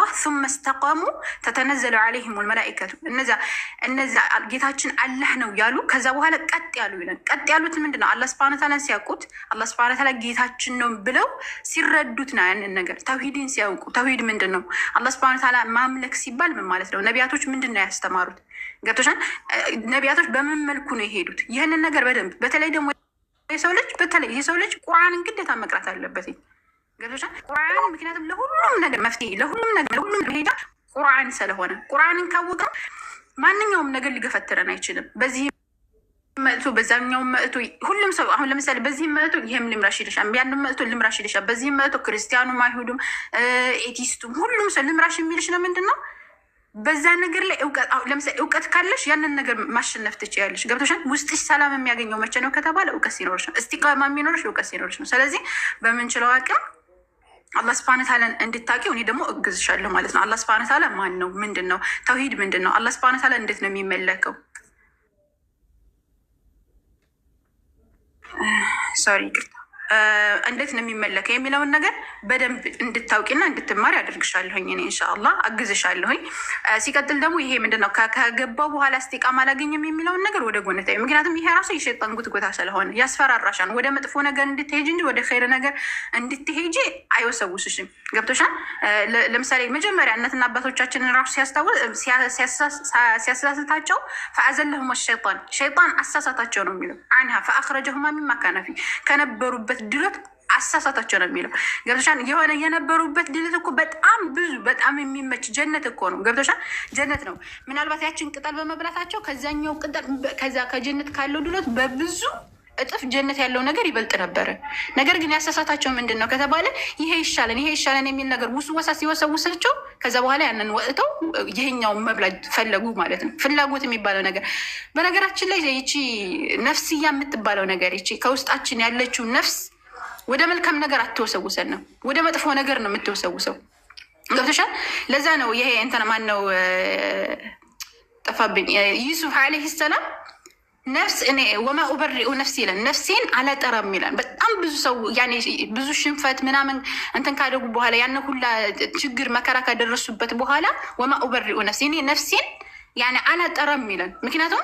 አላህ ሱመ ስተቋሙ ተተነዘሉ አለይሂም ልመላኢከቱ እነዛ እነዛ ጌታችን አላህ ነው ያሉ ከዛ በኋላ ቀጥ ያሉ ይለን ቀጥ ያሉት ምንድን ነው? አላህ ስብሐነ ተዓላ ሲያውቁት አላህ ስብሐነ ተዓላ ጌታችን ነው ብለው ሲረዱት ነው ያንን ነገር ተውሂድን ሲያውቁ ተውሂድ ምንድን ነው? አላህ ስብሐነ ተዓላ ማምለክ ሲባል ምን ማለት ነው? ነቢያቶች ምንድን ነው ያስተማሩት? ገብቶሻል? ነቢያቶች በምን መልኩ ነው የሄዱት? ይህንን ነገር በደንብ በተለይ ደግሞ የሰው ልጅ በተለይ የሰው ልጅ ቁርአንን ግዴታ መቅራት አለበት። ገቶቻ ቁርአን ምክንያቱም ለሁሉም ነገር መፍትሄ ለሁሉም ነገር ለሁሉም መሄጃ ቁርአን ስለሆነ ቁርአንን ካወቅነው ማንኛውም ነገር ሊገፈትረን አይችልም። በዚህ መእቱ በዛኛው መእቱ ሁሉም ሰው አሁን ለምሳሌ በዚህ መእቱ ይህም ልምራሽ ይልሻል፣ ያን መእቱ ልምራሽ ይልሻል። በዚህ መእቱ ክርስቲያኑም፣ አይሁዱም፣ ኤቲስቱም ሁሉም ሰው ልምራሽ የሚልሽ ነው ምንድን ነው በዛ ነገር ላይ እውቀት ለምሳሌ እውቀት ካለሽ ያንን ነገር ማሸነፍ ትችያለሽ። ገብቶሻል። ውስጥሽ ሰላም የሚያገኘው መቼ ነው ከተባለ እውቀት ሲኖርሽ ነው። እስቲቃማ የሚኖርሽ እውቀት ሲኖርሽ ነው። ስለዚህ በምንችለው አቅም አላህ ስብሐነ ተዓላን እንድታውቂው እኔ ደግሞ እግዝሻለሁ ማለት ነው። አላህ ስብሐነ ተዓላ ማን ነው? ምንድን ነው? ተውሂድ ምንድን ነው? አላህ ስብሐነ ተዓላ እንዴት ነው የሚመለከው? ሶሪ ይቅርታ። እንዴት ነው የሚመለከው የሚለውን ነገር በደንብ እንድታውቂና እንድትማሪ ያደርግሻለሁኝ። እኔ እንሻላ አግዝሻለሁኝ። ሲቀጥል ደግሞ ይሄ ምንድን ነው ከገባው በኋላ እስቲቃም አላገኘም የሚለውን ነገር ወደ ጎን ታዩ። ምክንያቱም ይሄ ራሱ የሸይጣን ጉትጎታ ስለሆነ ያስፈራራሻል። ወደ መጥፎ ነገር እንድትሄጂ እንጂ ወደ ኸይር ነገር እንድትሄጂ አይወሰውስሽም። ገብቶሻል? ለምሳሌ መጀመሪያ እናትና አባቶቻችንን ራሱ ሲያሳስታቸው ፈአዘለሁም ሸይጣን ሸይጣን አሳሳታቸው ነው የሚለው አንሃ ፈአክረጀሁማ ሚማካነፊ ከነበሩበት የነበሩበት ድሎት አሳሳታቸው ነው የሚለው ገብቶሻን የሆነ የነበሩበት ድሎት እኮ በጣም ብዙ በጣም የሚመች ጀነት እኮ ነው። ገብቶሻን ጀነት ነው። ምናልባት ያችን ቅጠል በመብላታቸው ከዛኛው ቅጠል ከዛ ከጀነት ካለው ድሎት በብዙ እጥፍ ጀነት ያለው ነገር ይበልጥ ነበረ። ነገር ግን ያሳሳታቸው ምንድን ነው ከተባለ ይሄ ይሻለን ይሄ ይሻለን የሚል ነገር ውስወሳ ሲወሰውሳቸው ከዛ በኋላ ያንን ወጥተው ይሄኛውን መብላት ፈለጉ ማለት ነው። ፍላጎት የሚባለው ነገር በነገራችን ላይ ይቺ ነፍስያ የምትባለው ነገር ይቺ ከውስጣችን ያለችው ነፍስ ወደ መልካም ነገር አትወሰውሰን ነው፣ ወደ መጥፎ ነገር ነው የምትወሰውሰው። ገብቶሻል? ለዛ ነው ይሄ እንትን ማን ነው ጠፋብኝ፣ ዩሱፍ አለይህ ሰላም ነፍስ እኔ ወማ ኡበሪኡ ነፍሲ ይለን ነፍሴን አላጠራም ይለን። በጣም ብዙ ሰው ብዙ ሽንፈት ምናምን እንትን ካደጉ በኋላ ያን ሁላ ችግር መከራ ካደረሱበት በኋላ ወማ ኡበሪኡ ነፍሲ እኔ ነፍሴን ያኔ አላጠረም ይለን። ምክንያቱም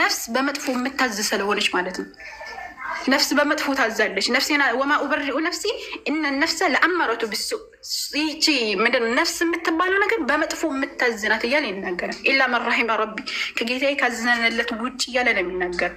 ነፍስ በመጥፎ የምታዝ ስለሆነች ማለት ነው። ነፍስ በመጥፎ ታዛለች። ነፍሴና ወማ ኡበሪኡ ነፍሲ እነ ነፍሰ ለአማረቱ ብሱ ይቺ ምንድን ነፍስ የምትባለው ነገር በመጥፎ የምታዝናት እያለ ይናገራል። ኢላ መን ረቢ ከጌታዬ ካዘነለት ውጭ እያለ ነው የሚናገር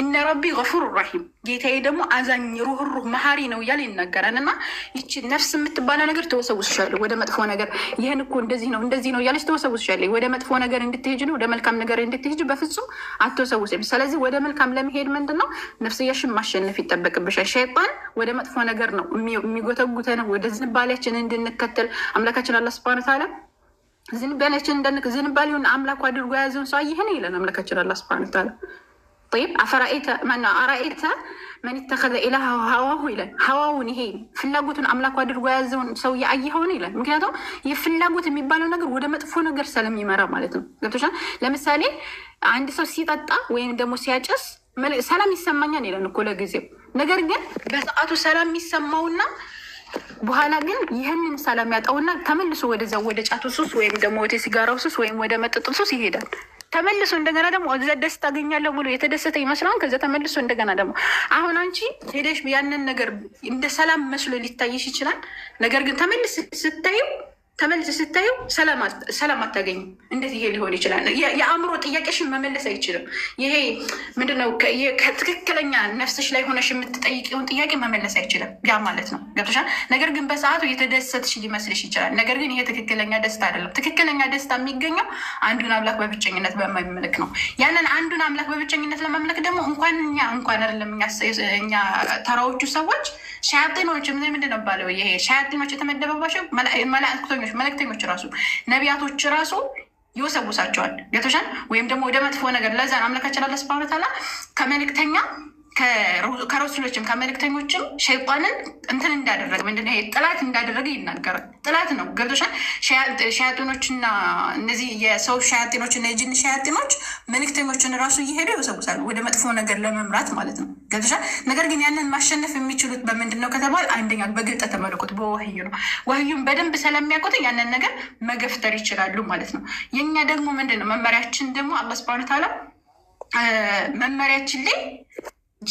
እነ ረቢ ገፉር ራሒም ጌታዬ ደግሞ አዛኝ ሩህሩህ መሀሪ ነው እያለ ይናገራል። እና ይቺ ነፍስ የምትባለው ነገር ተወሰውስሻለሁ ወደ መጥፎ ነገር፣ ይህን እኮ እንደዚህ ነው እንደዚህ ነው እያለች ተወሰውስሻለሁ ወደ መጥፎ ነገር እንድትሄጅ ነው ወደ መልካም ነገር እንድትሄጅ በፍጹም አትወሰውስም። ስለዚህ ወደ መልካም ለመሄድ ምንድን ነው ነፍስያሽን ማሸነፍ ይጠበቅብሻል። ሸይጣን ወደ መጥፎ ነገር ነው የሚጎተጉተን ወደ ዝንባሌያችን እንድንከተል አምላካችን አላህ ሱብሃነሁ ወተዓላ ዝንባሌያችን እንደንቅ ዝንባሌውን አምላኩ አድርጎ የያዘውን ሰው ይህን ይለን አምላካችን አላህ ሱብሃነሁ ወተዓላ ይ አፈራኤተ አራኤተ መን ተኸዘ ኢላሃ ሀዋሁ ይለን። ሀዋውን ይሄ ፍላጎቱን አምላኩ አድርጎ የያዘውን ሰው እያየኸውን ይለን። ምክንያቱም የፍላጎት የሚባለው ነገር ወደ መጥፎ ነገር ስለሚመራ ማለት ነው። ገብቶሻል? ለምሳሌ አንድ ሰው ሲጠጣ ወይም ደግሞ ሲያጨስ ሰላም ይሰማኛል ይለን እኮ ለጊዜው። ነገር ግን በሰዓቱ ሰላም የሚሰማውና በኋላ ግን ይህንን ሰላም ያጣውና ተመልሶ ወደዛ ወደ ጫቱ ሱስ ወይም ደግሞ ወደ ሲጋራው ሱስ ወይም ወደ መጠጡ ሱስ ይሄዳል። ተመልሶ እንደገና ደግሞ እዛ ደስ ታገኛለሁ ብሎ የተደሰተ ይመስለዋል። ከዛ ተመልሶ እንደገና ደግሞ አሁን አንቺ ሄደሽ ያንን ነገር እንደ ሰላም መስሎ ሊታይሽ ይችላል። ነገር ግን ተመልስ ስታዩ ተመልሰ ስታዩ ሰላም አታገኝም። እንዴት ይሄ ሊሆን ይችላል? የአእምሮ ጥያቄሽን መመለስ አይችልም። ይሄ ምንድነው? ከትክክለኛ ነፍስሽ ላይ ሆነሽ የምትጠይቂውን ጥያቄ መመለስ አይችልም። ያ ማለት ነው ገብቶሻል። ነገር ግን በሰዓቱ የተደሰትሽ ሊመስልሽ ይችላል። ነገር ግን ይሄ ትክክለኛ ደስታ አይደለም። ትክክለኛ ደስታ የሚገኘው አንዱን አምላክ በብቸኝነት በመመለክ ነው። ያንን አንዱን አምላክ በብቸኝነት ለመምለክ ደግሞ እንኳን እኛ እንኳን አይደለም እኛ ተራዎቹ ሰዎች ሻያጢኖች ምንድነው ባለው ይሄ ሻያጢኖች የተመደበባቸው መላእክቶ ነቢያቶች፣ መልእክተኞች ራሱ ነቢያቶች ራሱ ይወሰውሳቸዋል። ጌቶሻን ወይም ደግሞ ወደ መጥፎ ነገር ለዛን አምላካችን አለ ስብሐት ወተዓላ ከመልእክተኛ ከረሱሎችም ከመልእክተኞችም ሸይጣንን እንትን እንዳደረገ ምንድን ጥላት እንዳደረገ ይናገራል። ጥላት ነው ገብቶሻል። ሸያጢኖችና እነዚህ የሰው ሸያጢኖች እና የጅን ሸያጢኖች መልክተኞችን ራሱ እየሄዱ ይወሰጉታሉ፣ ወደ መጥፎ ነገር ለመምራት ማለት ነው። ገብቶሻል። ነገር ግን ያንን ማሸነፍ የሚችሉት በምንድን ነው ከተባል አንደኛ በግልጠ መለኮት በወህዩ ነው። ወህዩን በደንብ ስለሚያውቁት ያንን ነገር መገፍተር ይችላሉ ማለት ነው። የኛ ደግሞ ምንድን ነው መመሪያችን ደግሞ አላህ ሱብሃነሁ ወተዓላ መመሪያችን ላይ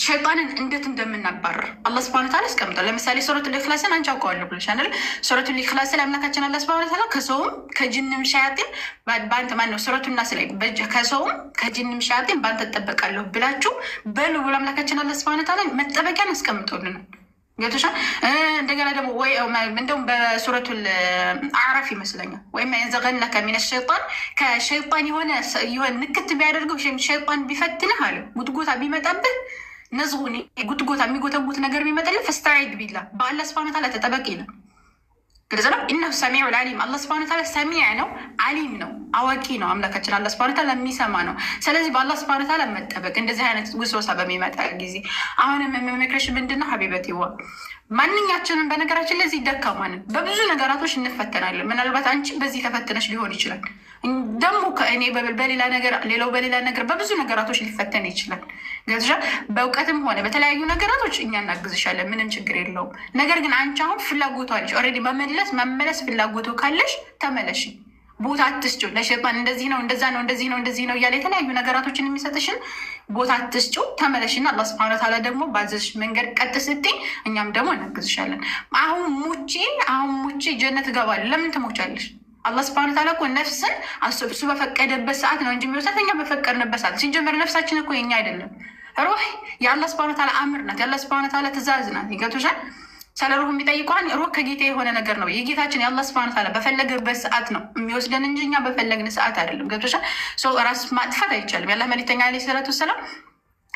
ሸይጣንን እንዴት እንደምናባረር አላህ ስብሐነ ተዓላ ያስቀምጧል። ለምሳሌ ሱረቱ ልክላስን አንቺ አውቀዋለሁ ብለሻል። ሱረቱ ልክላስ ላይ አምላካችን አላህ ስብሐነ ተዓላ ከሰውም ከጅንም ሸያጢን በአንተ ማነው ሱረቱ ናስ ላይ ከሰውም ከጅንም ሸያጢን በአንተ እጠበቃለሁ ብላችሁ በሉ ብሎ አምላካችን አላህ ስብሐነ ተዓላ መጠበቂያን አስቀምጦልናል። ገብቶሻል። እንደገና ደግሞ ወይ እንደውም በሱረቱ አዕራፍ ይመስለኛል ወይም የንዘገነከ ሚነ ሸይጣን ከሸይጣን የሆነ ንክት ቢያደርገው ሸይጣን ቢፈትንህ አለ ጉትጎታ ቢመጣብህ ነዝሆን ጉትጎታ የሚጎተጉት ነገር ቢመጠል ፈስተዒድ ቢላ በአላ ስብን ታላ ተጠበቂ ይላል። ግልጽ ነው። ኢነሁ ሰሚዑ ልዓሊም አላ ስብን ታላ ሰሚዕ ነው፣ አሊም ነው፣ አዋቂ ነው። አምላካችን አላ ስብን ታላ የሚሰማ ነው። ስለዚህ በአላ ስብን ታላ መጠበቅ እንደዚህ አይነት ውስወሳ በሚመጣ ጊዜ አሁንም የምመክረሽ ምንድነው ሀቢበት ይዋ ማንኛችንም በነገራችን ለዚህ ደካማንን በብዙ ነገራቶች እንፈተናለን። ምናልባት አንቺ በዚህ ተፈትነች ሊሆን ይችላል። ደግሞ ከእኔ በሌላ ነገር ሌላው በሌላ ነገር በብዙ ነገራቶች ሊፈተን ይችላል። ገብተሻል። በእውቀትም ሆነ በተለያዩ ነገራቶች እኛ እናግዝሻለን፣ ምንም ችግር የለውም። ነገር ግን አንቺ አሁን ፍላጎቱ አለሽ ኦልሬዲ መመለስ መመለስ ፍላጎቱ ካለሽ ተመለሽ። ቦታ አትስጭው ለሸጣን። እንደዚህ ነው እንደዛ ነው እንደዚህ ነው እንደዚህ ነው እያለ የተለያዩ ነገራቶችን የሚሰጥሽን ቦታ አትስጭው፣ ተመለሽና አላህ ስብሐነ ወተዓላ ደግሞ ባዘዝሽ መንገድ ቀጥ ስትይ እኛም ደግሞ እናግዝሻለን። አሁን ሙቺ አሁን ሙቺ ጀነት እገባለሁ። ለምን ትሞቻለሽ? አላህ ስብሐነ ወተዓላ እኮ ነፍስን እሱ በፈቀደበት ሰዓት ነው እንጂ የሚወስዳት እኛ በፈቀድንበት ሰዓት ሲጀመር ነፍሳችን እኮ የኛ አይደለም። ሩህ የአላ ስብን ታላ አምር ናት። የአላ ስብን ታላ ትእዛዝ ናት። ይገቱሻል። ስለ ሩህ የሚጠይቋን ሩህ ከጌታ የሆነ ነገር ነው። የጌታችን የአላ ስብን ታላ በፈለገበት ሰዓት ነው የሚወስደን እንጂ እኛ በፈለግን ሰዓት አይደለም። ገብቶሻል። ራስ ማጥፋት አይቻልም። የአላ መልክተኛ ላ ሰላቱ ወሰላም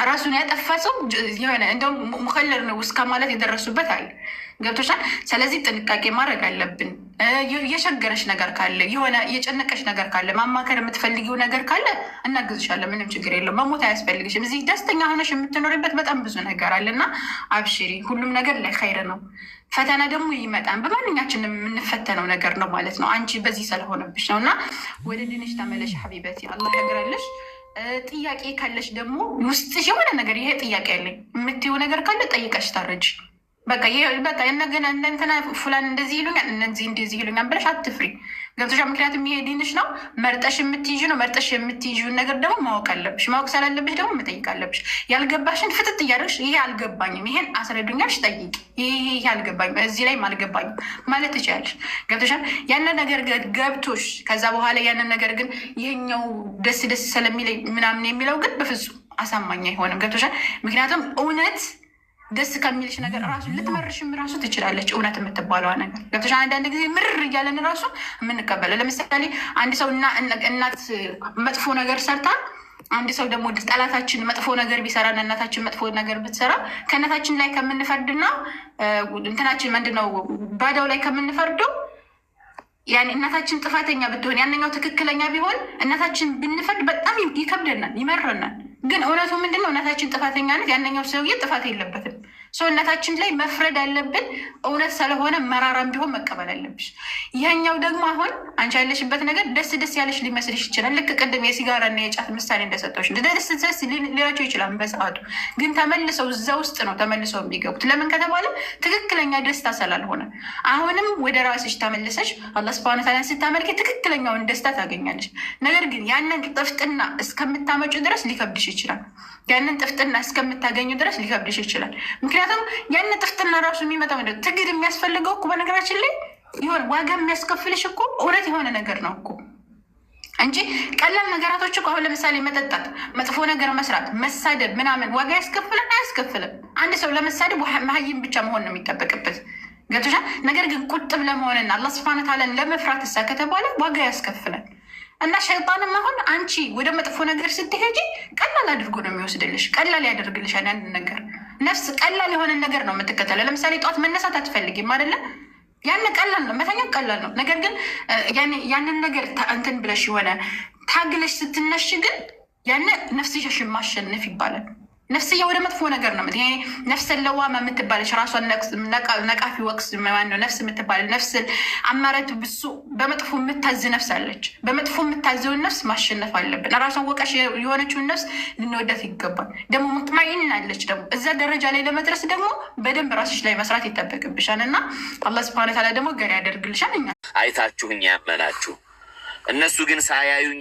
ራሱን ያጠፋ ሰው የሆነ እንደውም ሙከለር ነው እስከ ማለት የደረሱበት አለ። ገብቶሻል። ስለዚህ ጥንቃቄ ማድረግ አለብን። የቸገረሽ ነገር ካለ የሆነ የጨነቀሽ ነገር ካለ ማማከር የምትፈልጊው ነገር ካለ እናግዝሻለን። ምንም ችግር የለው። መሞት አያስፈልግሽም። እዚህ ደስተኛ ሆነሽ የምትኖርበት በጣም ብዙ ነገር አለ እና አብሽሪ። ሁሉም ነገር ላይ ኸይር ነው። ፈተና ደግሞ ይመጣን በማንኛችን የምንፈተነው ነገር ነው ማለት ነው። አንቺ በዚህ ስለሆነብሽ ነው እና ወደ ድንሽ ተመለሽ ሀቢበት አላህ ጥያቄ ካለሽ ደግሞ ውስጥሽ የሆነ ነገር ይሄ ጥያቄ አለኝ የምትይው ነገር ካለ ጠይቀሽ ታረጅ። በቃ በቃ ነገ እንትና ፉላን እንደዚህ ይሉኛል እነዚህ እንደዚህ ይሉኛል ብለሽ አትፍሪ። ገብቶሻል? ምክንያቱም ይሄ ዲንሽ ነው። መርጠሽ የምትይዥ ነው። መርጠሽ የምትይዥውን ነገር ደግሞ ማወቅ አለብሽ። ማወቅ ስላለብሽ ደግሞ መጠይቅ አለብሽ። ያልገባሽን ፍጥጥ እያደረግሽ ይሄ አልገባኝም፣ ይሄን አስረዱኛልሽ፣ ጠይቅ፣ ይሄ ይሄ አልገባኝም፣ እዚህ ላይም አልገባኝም ማለት ትችላለሽ። ገብቶሻል? ያንን ነገር ገብቶሽ ከዛ በኋላ ያንን ነገር ግን ይሄኛው ደስ ደስ ስለሚለኝ ምናምን የሚለው ግን በፍጹም አሳማኝ አይሆንም። ገብቶሻል? ምክንያቱም እውነት ደስ ከሚልሽ ነገር ራሱ ልትመርሽም ራሱ ትችላለች። እውነት የምትባለዋ ነገር ገብተሽ አንዳንድ ጊዜ ምር እያለን ራሱ የምንቀበለው ለምሳሌ አንድ ሰው እናት መጥፎ ነገር ሰርታ አንድ ሰው ደግሞ ጠላታችን መጥፎ ነገር ቢሰራ እና እናታችን መጥፎ ነገር ብትሰራ ከእናታችን ላይ ከምንፈርድና እንትናችን ምንድነው ባዳው ላይ ከምንፈርደው ያኔ እናታችን ጥፋተኛ ብትሆን ያንኛው ትክክለኛ ቢሆን እናታችን ብንፈርድ በጣም ይከብደናል፣ ይመረናል። ግን እውነቱ ምንድነው? እናታችን ጥፋተኛ ናት። ያንኛው ሰውዬ ጥፋት የለበትም። ሰውነታችን ላይ መፍረድ ያለብን እውነት ስለሆነ መራራም ቢሆን መቀበል አለብሽ። ይህኛው ደግሞ አሁን አንቺ ያለሽበት ነገር ደስ ደስ ያለሽ ሊመስልሽ ይችላል። ልክ ቅድም የሲጋራና የጫት ምሳሌ እንደሰጠች ደስ ደስ ሊላቸው ይችላል። በሰዓቱ ግን ተመልሰው እዛ ውስጥ ነው ተመልሰው የሚገቡት። ለምን ከተባለ ትክክለኛ ደስታ ስላልሆነ፣ አሁንም ወደ ራስሽ ተመልሰሽ አላህ ሱብሃነሁ ወተዓላ ትክክለኛውን ደስታ ታገኛለሽ። ነገር ግን ያንን ጥፍጥና እስከምታመጩ ድረስ ሊከብድሽ ይችላል። ያንን ጥፍጥና እስከምታገኙ ድረስ ሊከብድሽ ይችላል። ምክንያቱም ያን ጥፍትና ራሱ የሚመጣው ትግል የሚያስፈልገው እኮ በነገራችን ላይ ይሆን ዋጋ የሚያስከፍልሽ እኮ እውነት የሆነ ነገር ነው እኮ እንጂ ቀላል ነገራቶች እኮ አሁን ለምሳሌ መጠጣት፣ መጥፎ ነገር መስራት፣ መሳደብ ምናምን ዋጋ ያስከፍልን አያስከፍልም? አንድ ሰው ለመሳደብ መሀይም ብቻ መሆን ነው የሚጠበቅበት ገቶሻ። ነገር ግን ቁጥብ ለመሆንና አላህ ተዓላን ለመፍራት እሳ ከተባለ ዋጋ ያስከፍላል። እና ሸይጣንም አሁን አንቺ ወደ መጥፎ ነገር ስትሄጂ ቀላል አድርጎ ነው የሚወስድልሽ፣ ቀላል ያደርግልሻል አንድ ነገር ነፍስ ቀላል የሆነ ነገር ነው የምትከተለው። ለምሳሌ ጠዋት መነሳት አትፈልጊም አይደለም? ያን ቀላል ነው መተኛት ቀላል ነው። ነገር ግን ያንን ነገር እንትን ብለሽ የሆነ ታግለሽ ስትነሽ ግን ያን ነፍስሽ ማሸነፍ ይባላል። ነፍስዬ ወደ መጥፎ ነገር ነው። ይሄ ነፍስ ለዋማ የምትባለች ራሷን ነቃፊ ወቅስ ማነው ነፍስ የምትባለ ነፍስ አማረት ብሱ በመጥፎ የምታዝ ነፍስ አለች። በመጥፎ የምታዘውን ነፍስ ማሸነፍ አለብን። ራሷን ወቀሽ የሆነችውን ነፍስ ልንወዳት ይገባል። ደግሞ ሙጥማይን አለች። ደግሞ እዛ ደረጃ ላይ ለመድረስ ደግሞ በደንብ ራሶች ላይ መስራት ይጠበቅብሻል እና አላህ ስብሐነ ተዓላ ደግሞ ገር ያደርግልሻል። እኛ አይታችሁኝ ያመናችሁ እነሱ ግን ሳያዩኝ